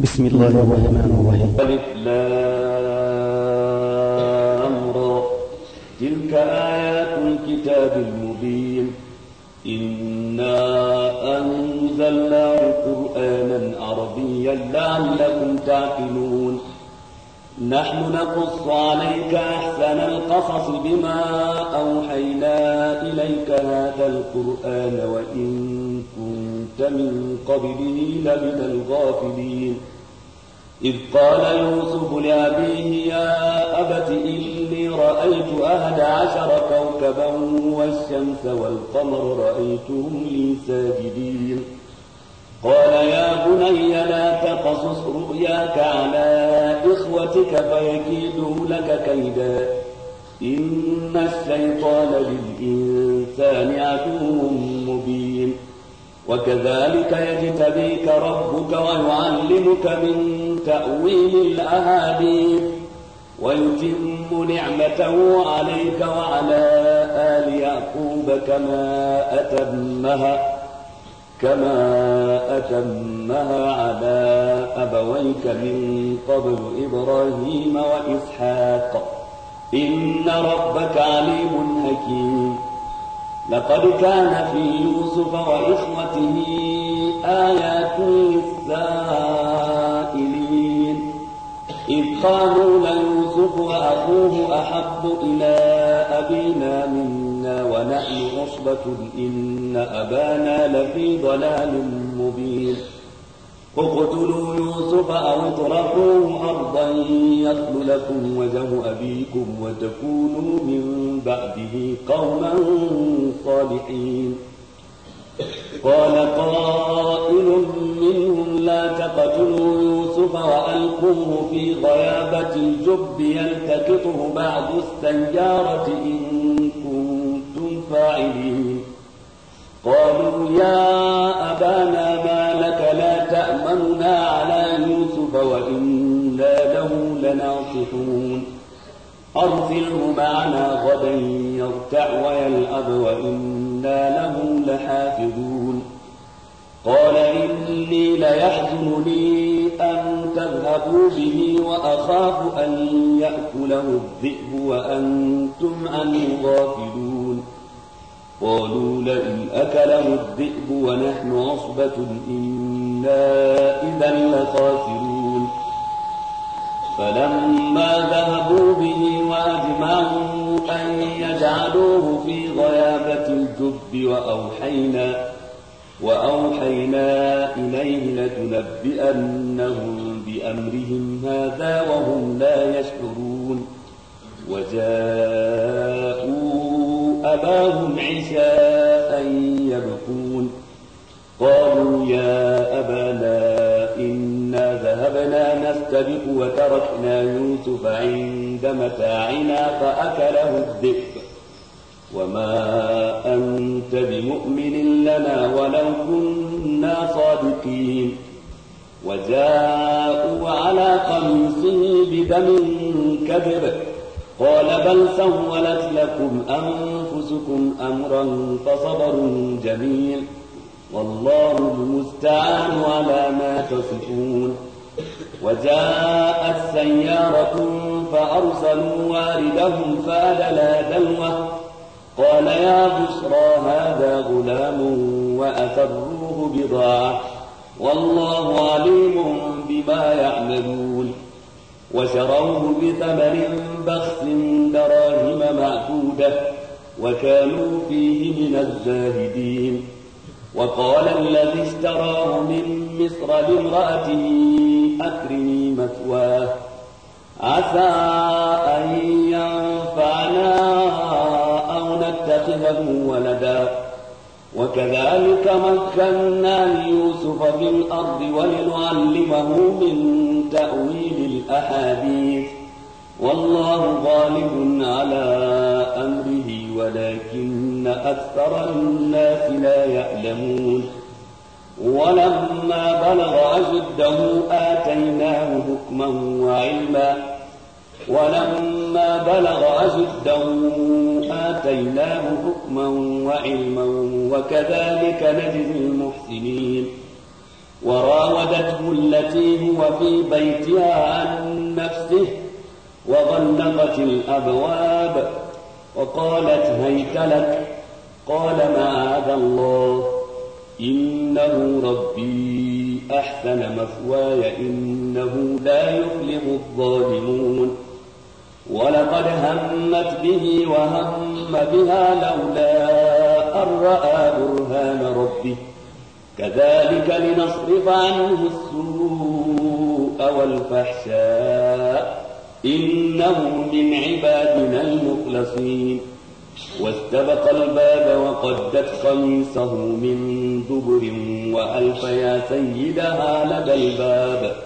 بسم الله الرحمن الرحيم ألف لام را تلك آيات الكتاب المبين إنا أنزلنا قرآنا عربيا لعلكم تعقلون نحن نقص عليك أحسن القصص بما أوحينا إليك هذا القرآن وإن كنت من قبله لمن الغافلين إذ قال يوسف لأبيه يا أبت إني رأيت أهد عشر كوكبا والشمس والقمر رأيتهم لي ساجدين قال يا بني لا تقصص رؤياك على إخوتك فيكيدوا لك كيدا إن الشيطان للإنسان عدو مبين وكذلك يجتبيك ربك ويعلمك من تأويل الأحاديث ويتم نعمته عليك وعلى آل يعقوب كما أتمها كما أتمها على أبويك من قبل إبراهيم وإسحاق إن ربك عليم حكيم لقد كان في يوسف وإخوته آيات للسائلين إذ قالوا ليوسف وأخوه أحب إلى أبينا منه وَنَحْنُ عُصْبَةٌ إِنَّ أَبَانَا لَفِي ضَلَالٍ مُبِينٍ اقتلوا يوسف أو اطرحوه أرضا يخل لكم وجه أبيكم وتكونوا من بعده قوما صالحين قال قائل منهم لا تقتلوا يوسف وألقوه في غيابة الجب يلتقطه بعض السيارة إن الفاعلين قالوا يا أبانا ما لك لا تأمننا على يوسف وإنا له لناصحون أرسله معنا غدا يرتع ويلأب وإنا له لحافظون قال إني ليحزنني أن تذهبوا به وأخاف أن يأكله الذئب وأنتم عنه غافلون قالوا لئن أكله الذئب ونحن عصبة إنا إذا لخاسرون فلما ذهبوا به وأجمعوا أن يجعلوه في غيابة الجب وأوحينا وأوحينا إليه لتنبئنهم بأمرهم هذا وهم لا يشعرون وجاءوا أباهم عشاء يبكون قالوا يا أبانا إنا ذهبنا نستبق وتركنا يوسف عند متاعنا فأكله الذئب وما أنت بمؤمن لنا ولو كنا صادقين وجاءوا على قميصه بدم كذب قال بل سولت لكم أنفسكم أمرا فصبر جميل والله المستعان على ما تصفون وجاءت سيارة فأرسلوا واردهم فأدلى دلوه قال يا بشرى هذا غلام وأسروه بضاعة والله عليم بما يعملون وشروه بثمن بخس دراهم معدودة وكانوا فيه من الزاهدين وقال الذي اشتراه من مصر لامرأته أكرمي مثواه عسى أن ينفعنا أو نتخذه ولداً وكذلك مكنا ليوسف في الأرض ولنعلمه من تأويل الأحاديث والله غالب على أمره ولكن أكثر الناس لا يعلمون ولما بلغ أشده آتيناه حكما وعلما ولما بلغ أزدا آتيناه حكما وعلما وكذلك نجزي المحسنين وراودته التي هو في بيتها عن نفسه وغلقت الأبواب وقالت هيت لك قال معاذ الله إنه ربي أحسن مثواي إنه لا يفلح الظالمون ولقد همت به وهم بها لولا أن رأى برهان ربه كذلك لنصرف عنه السوء والفحشاء إنه من عبادنا المخلصين واستبق الباب وقدت خميصه من دبر وألف يا سيدها لدى الباب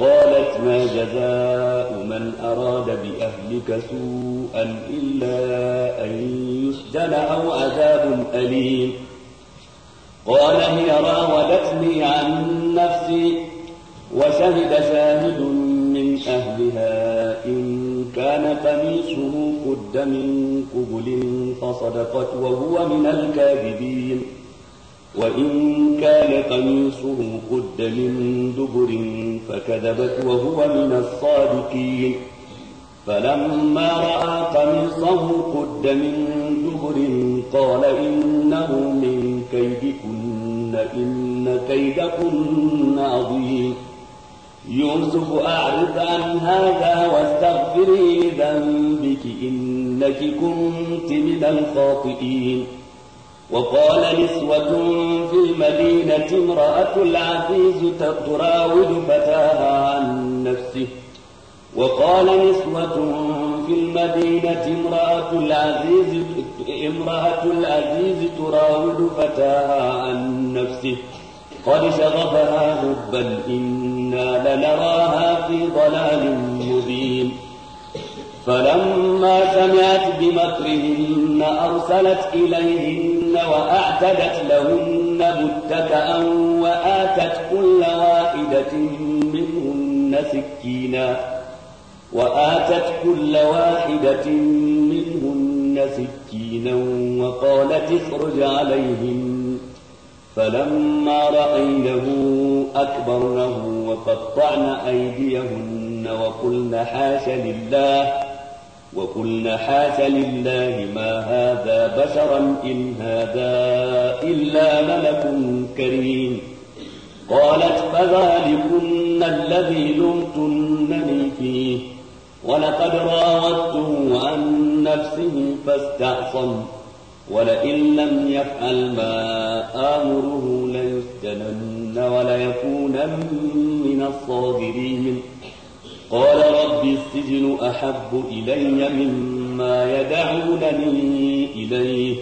قالت ما جزاء من أراد بأهلك سوءا إلا أن يسجن أو عذاب أليم قال هي راودتني عن نفسي وشهد شاهد من أهلها إن كان قميصه قد من قبل فصدقت وهو من الكاذبين وإن كان قميصه قد من دبر فكذبت وهو من الصادقين فلما رأى قميصه قد من دبر قال إنه من كيدكن إن كيدكن عظيم يوسف أعرض عن هذا واستغفري ذنبك إنك كنت من الخاطئين وقال نسوة في المدينة امرأة العزيز تراود فتاها عن نفسه وقال نسوة في المدينة امرأة العزيز امرأة العزيز تراود فتاها عن نفسه قد شغفها حبا إنا لنراها في ضلال مبين فلما سمعت بمكرهن أرسلت إليهن وأعتدت لهن متكأا وآتت كل واحدة منهن سكينا وآتت كل واحدة منهن سكينا وقالت اخرج عليهم فلما رأينه أكبرنه وقطعن أيديهن وقلن حاش لله وكل حاش لله ما هذا بشرا إن هذا إلا ملك كريم قالت فذلكن الذي لمتنني فيه ولقد راودته عن نفسه فاستعصم ولئن لم يفعل ما آمره ليسجنن وليكونن من الصاغرين قال رب السجن أحب إلي مما يدعونني إليه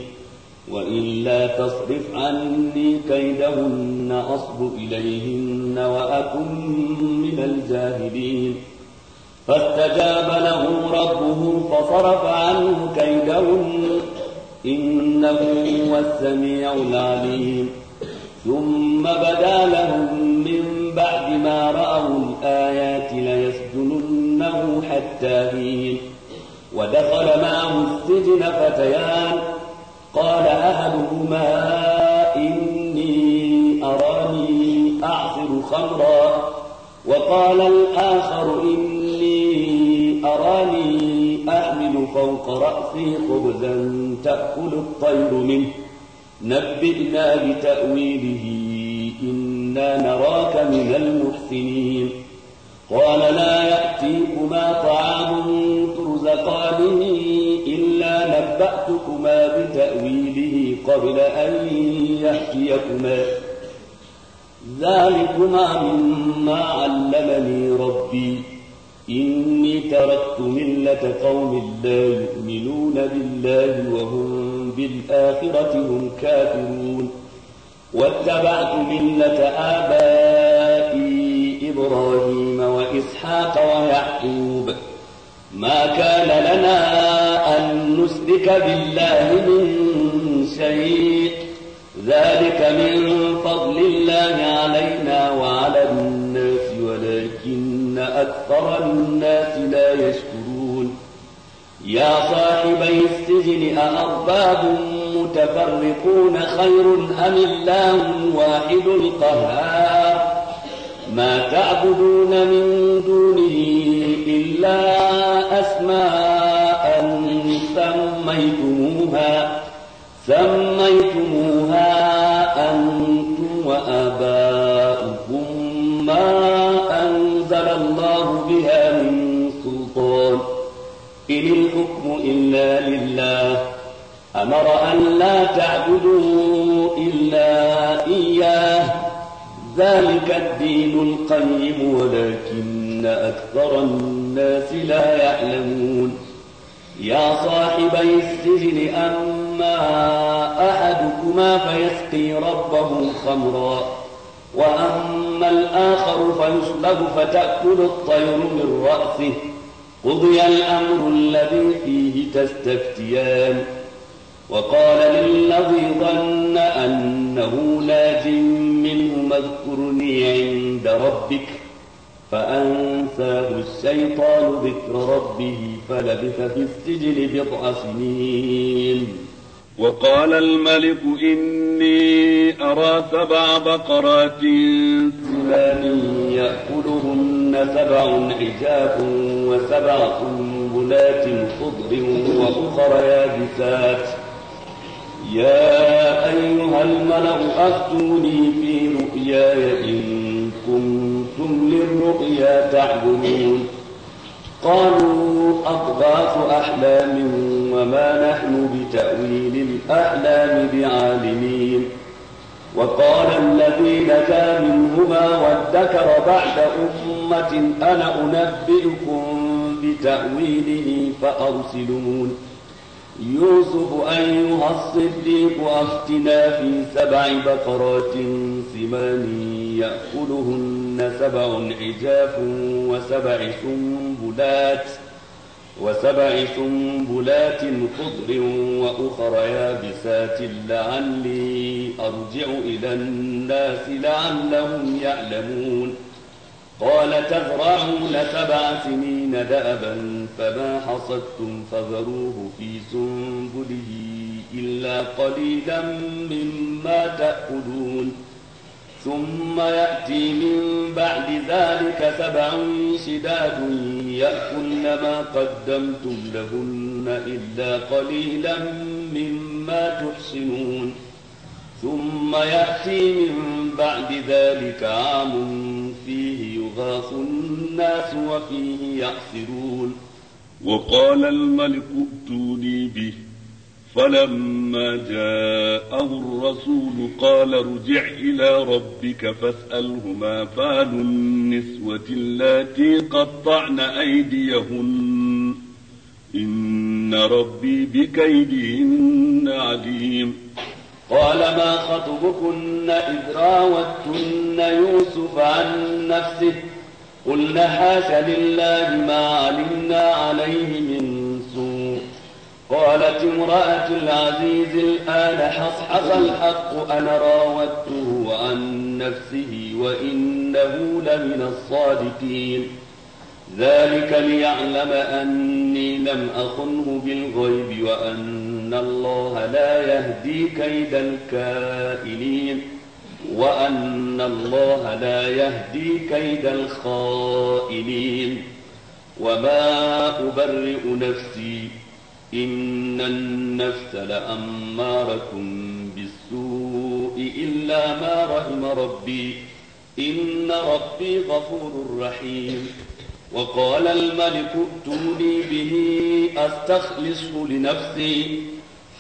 وإلا تصرف عني كيدهن أصب إليهن وأكن من الجاهلين فاستجاب له ربه فصرف عنه كيدهن إنه هو السميع العليم ثم بدا لهم من بعد ما رأوا الآيات لهم حتى حين ودخل معه السجن فتيان قال أهلهما إني أراني أعصر خمرا وقال الآخر إني أراني أحمل فوق رأسي خبزا تأكل الطير منه نبئنا بتأويله إنا نراك من المحسنين قال لا يأتيكما طعام ترزقانه إلا نبأتكما بتأويله قبل أن يحكيكما ذلكما مما علمني ربي إني تركت ملة قوم لا يؤمنون بالله وهم بالآخرة هم كافرون واتبعت ملة آبائي إبراهيم وإسحاق ويعقوب ما كان لنا أن نسلك بالله من شيء ذلك من فضل الله علينا وعلى الناس ولكن أكثر الناس لا يشكرون يا صاحبي السجن أأرباب متفرقون خير أم الله واحد القهار ما تعبدون من دونه إلا أسماء سميتموها سميتموها أنتم وآباؤكم ما أنزل الله بها من سلطان إن الحكم إلا لله أمر أن لا تعبدوا إلا إياه ذلك الدين القيم ولكن أكثر الناس لا يعلمون يا صاحبي السجن أما أحدكما فيسقي ربه خمرا وأما الآخر فيصلب فتأكل الطير من رأسه قضي الأمر الذي فيه تستفتيان وقال للذي ظن أنه ناج منه اذكرني عند ربك فأنساه الشيطان ذكر ربه فلبث في السجن بضع سنين وقال الملك إني أرى سبع بقرات سمان يأكلهن سبع عجاف وسبع سنبلات خضر وأخر يابسات يا أيها الملأ أفتوني في رؤياي إن كنتم للرؤيا تعبدون قالوا أضغاث أحلام وما نحن بتأويل الأحلام بعالمين وقال الذي نجا منهما وادكر بعد أمة أنا أنبئكم بتأويله فأرسلون يوسف أيها الصديق أفتنا في سبع بقرات سمان يأكلهن سبع عجاف وسبع سنبلات وسبع سنبلات خضر وأخر يابسات لعلي أرجع إلى الناس لعلهم يعلمون قال تزرعون سبع سنين دأبا فما حصدتم فذروه في سنبله إلا قليلا مما تأكلون ثم يأتي من بعد ذلك سبع شداد يأكلن ما قدمتم لهن إلا قليلا مما تحسنون ثم يأتي من بعد ذلك عام فيه يغاث الناس وفيه يعصرون وقال الملك ائتوني به فلما جاءه الرسول قال ارجع إلى ربك فاسأله ما فعل النسوة اللاتي قطعن أيديهن إن ربي بكيدهن عليم قال ما خطبكن إذ راوتن يوسف عن نفسه قلنا حاش لله ما علمنا عليه من سوء قالت امرأة العزيز الآن حصحص الحق أنا راودته عن نفسه وإنه لمن الصادقين ذلك ليعلم أني لم أخنه بالغيب وأن الله لا يهدي كيد الكائنين وأن الله لا يهدي كيد الخائنين وما أبرئ نفسي إن النفس لأمارة بالسوء إلا ما رحم ربي إن ربي غفور رحيم وقال الملك ائتوني به أستخلصه لنفسي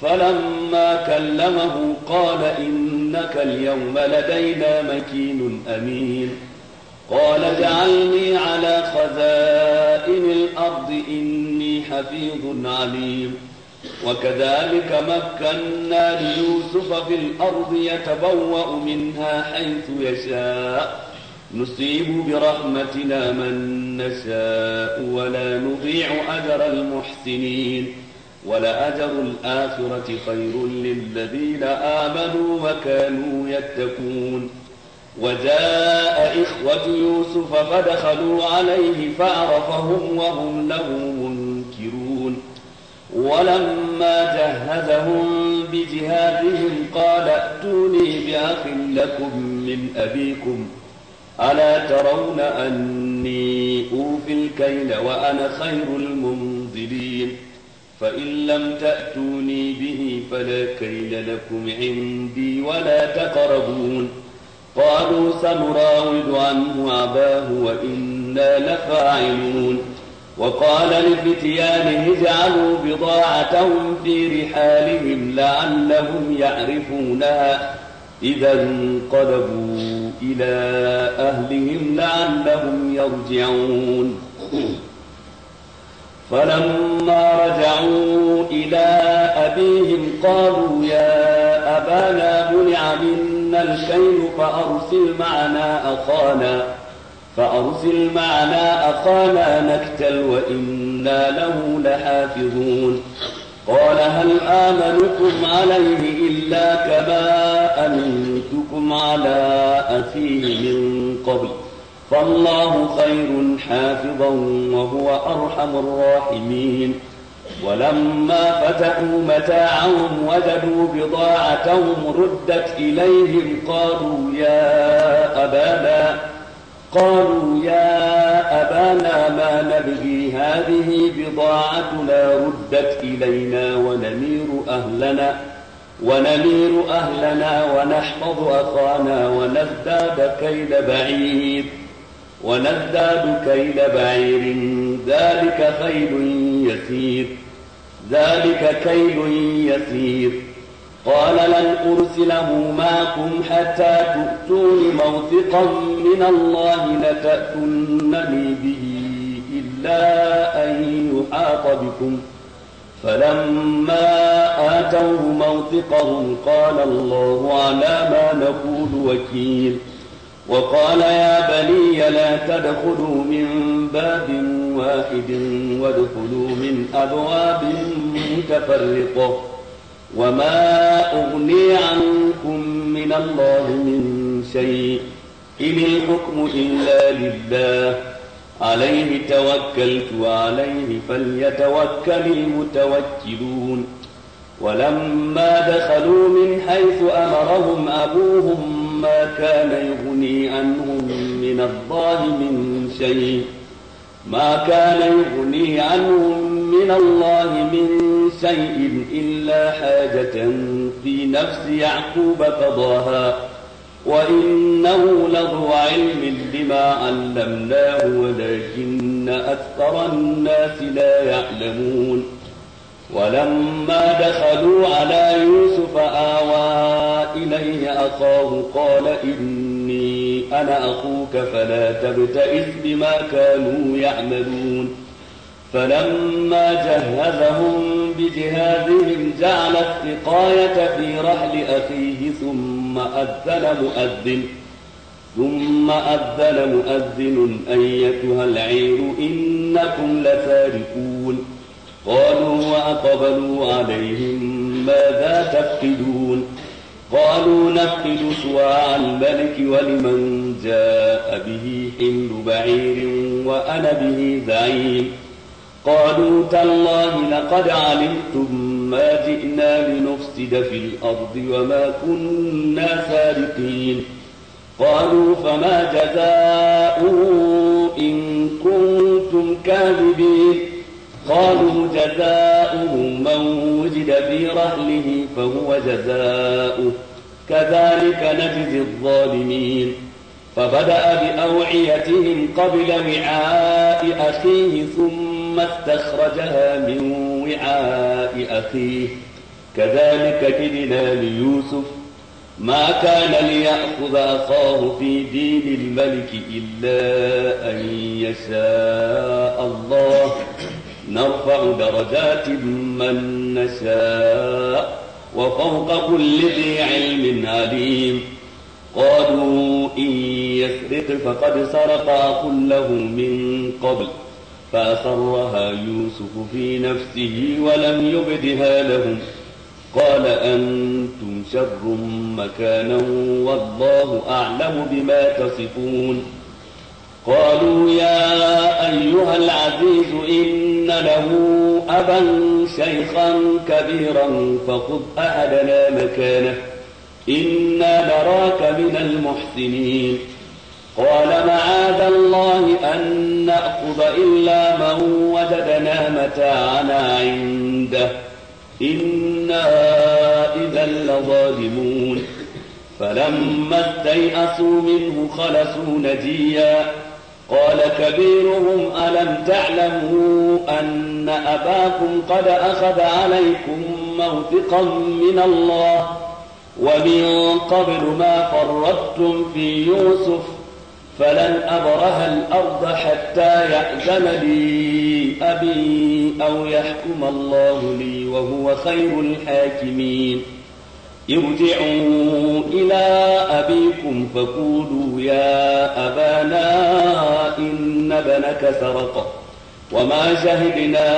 فلما كلمه قال إن إنك اليوم لدينا مكين أمين قال جعلني على خزائن الأرض إني حفيظ عليم وكذلك مكنا ليوسف في الأرض يتبوأ منها حيث يشاء نصيب برحمتنا من نشاء ولا نضيع أجر المحسنين ولأجر الآخرة خير للذين آمنوا وكانوا يتقون وجاء إخوة يوسف فدخلوا عليه فعرفهم وهم له منكرون ولما جهزهم بجهادهم قال ائتوني بأخ لكم من أبيكم ألا ترون أني أوفي الكيل وأنا خير المنزلين فإن لم تأتوني به فلا كيل لكم عندي ولا تقربون قالوا سنراود عنه أباه وإنا لفاعلون وقال لفتيانه اجعلوا بضاعتهم في رحالهم لعلهم يعرفونها إذا انقلبوا إلى أهلهم لعلهم يرجعون فلما رجعوا إلى أبيهم قالوا يا أبانا منع منا الكيل فأرسل معنا أخانا فأرسل معنا أخانا نكتل وإنا له لحافظون قال هل آمنكم عليه إلا كما أمنتكم على أخيه من قبل ۖ فالله خير حافظا وهو أرحم الراحمين ولما فتحوا متاعهم وجدوا بضاعتهم ردت إليهم قالوا يا أبانا قالوا يا أبانا ما نبغي هذه بضاعتنا ردت إلينا ونمير أهلنا ونمير أهلنا ونحفظ أخانا ونزداد كيد بعيد ونزداد كيل بعير ذلك خيل يسير ذلك كيل يسير قال لن أرسله معكم حتى تؤتون موثقا من الله لتأتنني به إلا أن يحاط بكم فلما آتوه موثقهم قال الله على ما نقول وكيل ۖ وقال يا بني لا تدخلوا من باب واحد وادخلوا من أبواب متفرقة وما أغني عنكم من الله من شيء إن الحكم إلا لله عليه توكلت وعليه فليتوكل المتوكلون ولما دخلوا من حيث أمرهم أبوهم ما كان يغني عنهم من الله من شيء ما كان يغني عنهم من الله من شيء إلا حاجة في نفس يعقوب قضاها وإنه لذو علم لما علمناه ولكن أكثر الناس لا يعلمون ولما دخلوا على يوسف آوى إليه أخاه قال إني أنا أخوك فلا تبتئس بما كانوا يعملون فلما جهزهم بجهازهم جعل السقاية في رحل أخيه ثم أذن مؤذن ثم أذن مؤذن أيتها العير إنكم لسارقون قالوا وأقبلوا عليهم ماذا تفقدون قالوا نفقد سواع الملك ولمن جاء به حمل بعير وأنا به زعيم قالوا تالله لقد علمتم ما جئنا لنفسد في الأرض وما كنا سارقين قالوا فما جزاؤه إن كنتم كاذبين قالوا جزاؤه من وجد في رحله فهو جزاؤه كذلك نجزي الظالمين فبدأ بأوعيتهم قبل وعاء أخيه ثم استخرجها من وعاء أخيه كذلك كدنا ليوسف ما كان ليأخذ أخاه في دين الملك إلا أن يشاء الله نرفع درجات من نشاء وفوق كل ذي علم عليم قالوا إن يسرق فقد سرق كله من قبل فأسرها يوسف في نفسه ولم يبدها لهم قال أنتم شر مكانا والله أعلم بما تصفون قالوا يا أيها العزيز إن له أبا شيخا كبيرا فخذ أحدنا مكانه إنا نراك من المحسنين قال معاذ الله أن نأخذ إلا من وجدنا متاعنا عنده إنا إذا لظالمون فلما استيأسوا منه خلصوا نجيا قال كبيرهم ألم تعلموا أن أباكم قد أخذ عليكم موثقا من الله ومن قبل ما فرطتم في يوسف فلن أبره الأرض حتى يأذن لي أبي أو يحكم الله لي وهو خير الحاكمين ارجعوا إلى أبيكم فقولوا يا أبانا إن ابنك سرق وما شهدنا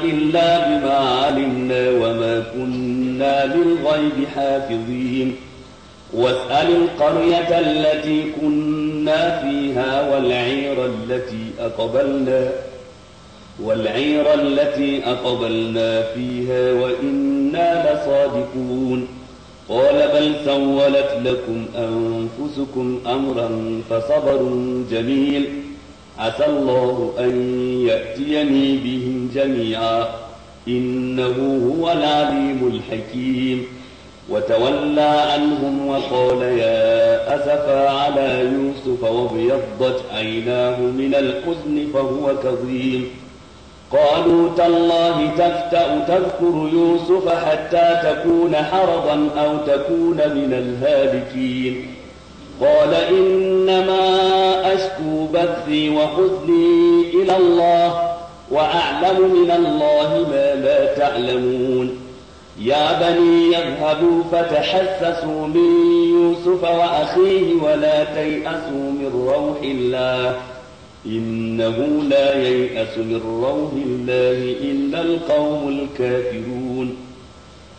إلا بما علمنا وما كنا للغيب حافظين واسأل القرية التي كنا فيها والعير التي أقبلنا والعير التي أقبلنا فيها وإنا لصادقون قال بل سولت لكم أنفسكم أمرا فصبر جميل عسى الله أن يأتيني بهم جميعا إنه هو العليم الحكيم وتولى عنهم وقال يا أسفا على يوسف وابيضت عيناه من الحزن فهو كظيم قالوا تالله تفتأ تذكر يوسف حتى تكون حرضا أو تكون من الهالكين قال إنما أشكو بثي وحزني إلى الله وأعلم من الله ما لا تعلمون يا بني يذهبوا فتحسسوا من يوسف وأخيه ولا تيأسوا من روح الله إنه لا ييأس من روح الله إلا القوم الكافرون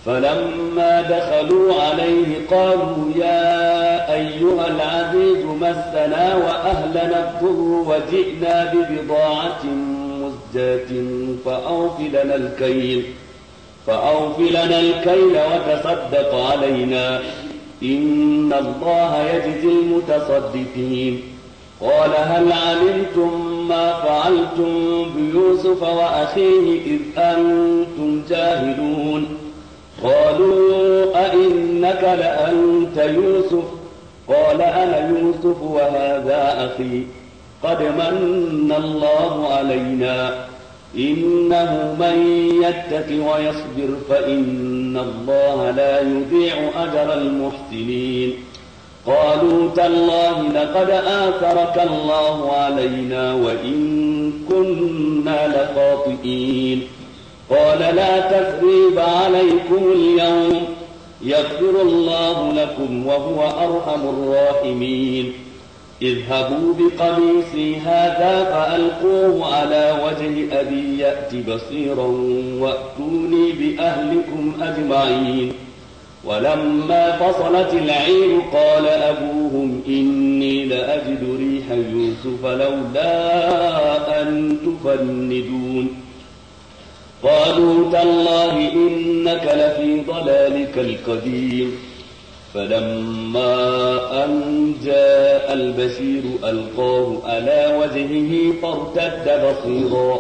فلما دخلوا عليه قالوا يا أيها العزيز مسنا وأهلنا الضر وجئنا ببضاعة مزجاة فأوفلنا الكيل فأوفلنا لنا الكيل وتصدق علينا إن الله يجزي المتصدقين قال هل علمتم ما فعلتم بيوسف وأخيه إذ أنتم جاهلون قالوا أئنك لأنت يوسف قال أنا يوسف وهذا أخي قد من الله علينا إنه من يتق ويصبر فإن الله لا يضيع أجر المحسنين قالوا تالله لقد آثرك الله علينا وإن كنا لخاطئين قال لا تثريب عليكم اليوم يغفر الله لكم وهو أرحم الراحمين اذهبوا بقميصي هذا فألقوه على وجه أبي يأت بصيرا وأتوني بأهلكم أجمعين ولما فصلت العير قال أبوهم إني لأجد ريح يوسف لولا أن تفندون قالوا تالله إنك لفي ضلالك القديم فلما أن جاء البشير ألقاه على وجهه فارتد بصيرا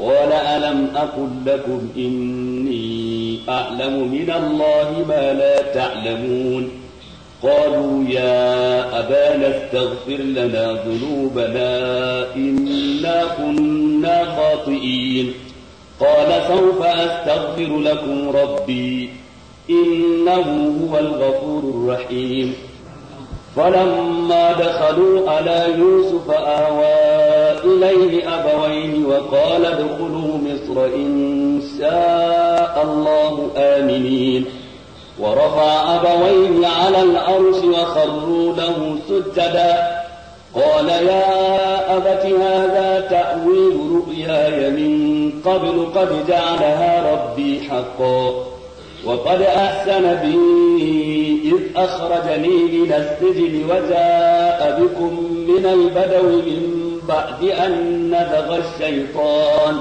قال ألم أقل لكم إني أعلم من الله ما لا تعلمون قالوا يا أبانا استغفر لنا ذنوبنا إنا كنا خاطئين قال سوف أستغفر لكم ربي إنه هو الغفور الرحيم فلما دخلوا على يوسف آوان إليه أبويه وقال ادخلوا مصر إن شاء الله آمنين ورفع أبويه على العرش وخروا له سجدا قال يا أبت هذا تأويل رؤياي من قبل قد جعلها ربي حقا وقد أحسن بي إذ أخرجني من السجن وجاء بكم من البدو من بعد أن نزغ الشيطان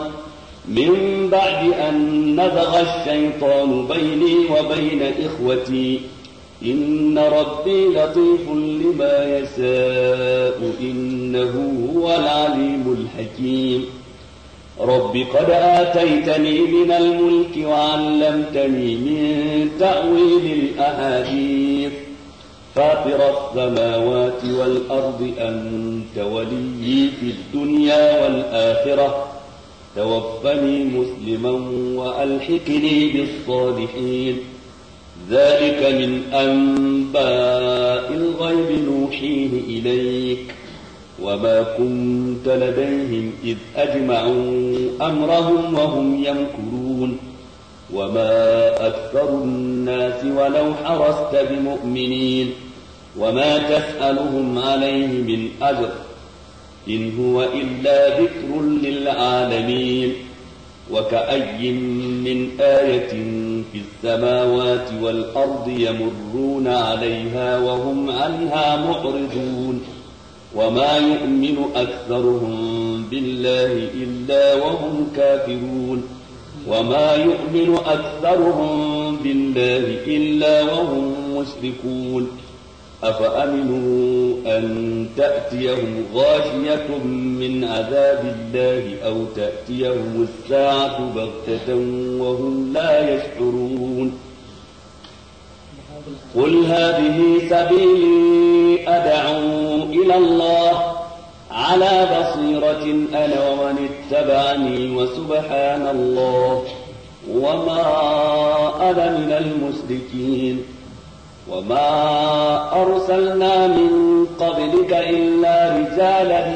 من بعد أن نزغ الشيطان بيني وبين إخوتي إن ربي لطيف لما يشاء إنه هو العليم الحكيم رب قد آتيتني من الملك وعلمتني من تأويل الأحاديث فاطر السماوات والأرض أنت ولي في الدنيا والآخرة توفني مسلما وألحقني بالصالحين ذلك من أنباء الغيب نوحيه إليك وما كنت لديهم إذ أجمعوا أمرهم وهم يمكرون وما أكثر الناس ولو حرست بمؤمنين وما تسألهم عليه من أجر إن هو إلا ذكر للعالمين وكأي من آية في السماوات والأرض يمرون عليها وهم عنها معرضون وما يؤمن أكثرهم بالله إلا وهم كافرون وما يؤمن أكثرهم بالله إلا وهم مشركون أفأمنوا أن تأتيهم غاشية من عذاب الله أو تأتيهم الساعة بغتة وهم لا يشعرون قل هذه سبيلي أدعو إلى الله على بصيرة أنا ومن اتبعني وسبحان الله وما أنا من المشركين وما أرسلنا من قبلك إلا رجالا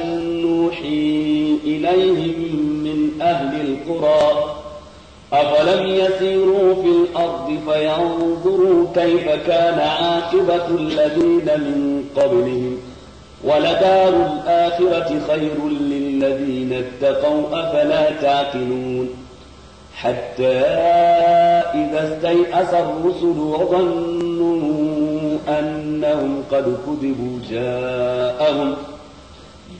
نوحي إليهم من أهل القرى أفلم يسيروا في الأرض فينظروا كيف كان عاقبة الذين من قبلهم ولدار الآخرة خير للذين اتقوا أفلا تعقلون حتى إذا استيأس الرسل وظنوا أنهم قد كذبوا جاءهم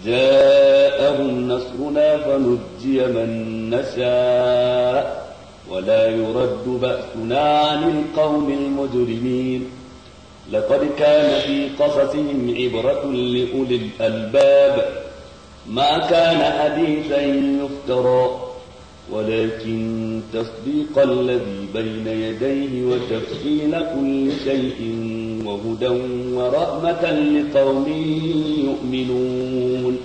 جاءهم نصرنا فنجي من نشاء ولا يرد بأسنا عن القوم المجرمين لقد كان في قصصهم عبرة لأولي الألباب ما كان حديثا يفترى ولكن تصديق الذي بين يديه وتفصيل كل شيء وهدى ورحمة لقوم يؤمنون